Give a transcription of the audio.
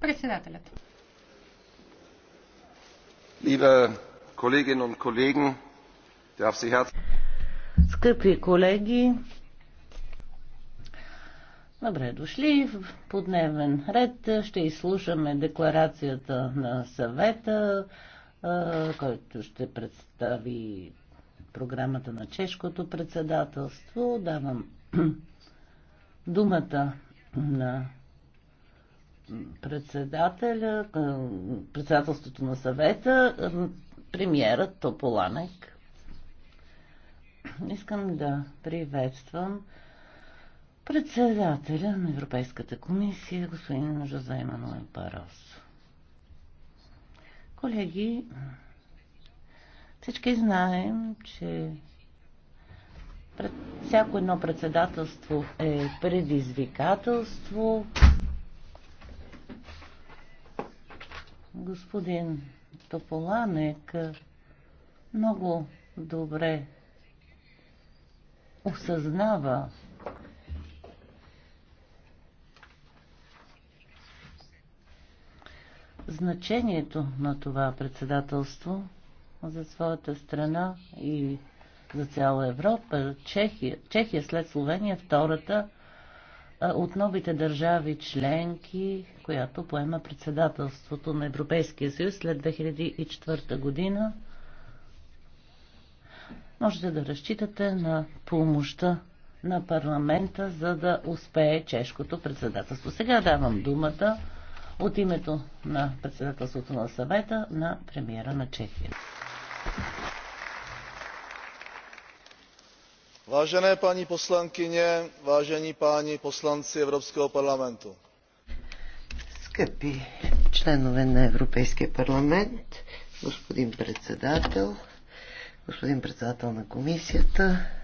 Председателят. Скъпи колеги, добре дошли. По дневен ред ще изслушаме декларацията на съвета, който ще представи програмата на чешкото председателство. Давам думата на председателя, председателството на съвета, премиерът Тополанек. Искам да приветствам председателя на Европейската комисия, господин Жозе Мануел Барос. Колеги, всички знаем, че пред всяко едно председателство е предизвикателство, Господин Тополанек много добре осъзнава значението на това председателство за своята страна и за цяла Европа. Чехия, Чехия след Словения втората от новите държави членки, която поема председателството на Европейския съюз след 2004 година. Можете да разчитате на помощта на парламента, за да успее чешкото председателство. Сега давам думата от името на председателството на съвета на премиера на Чехия. vážené paní poslankyně vážení páni poslanci evropského parlamentu Скъпи членове на Европейския парламент, господин председател, господин председател на комисията,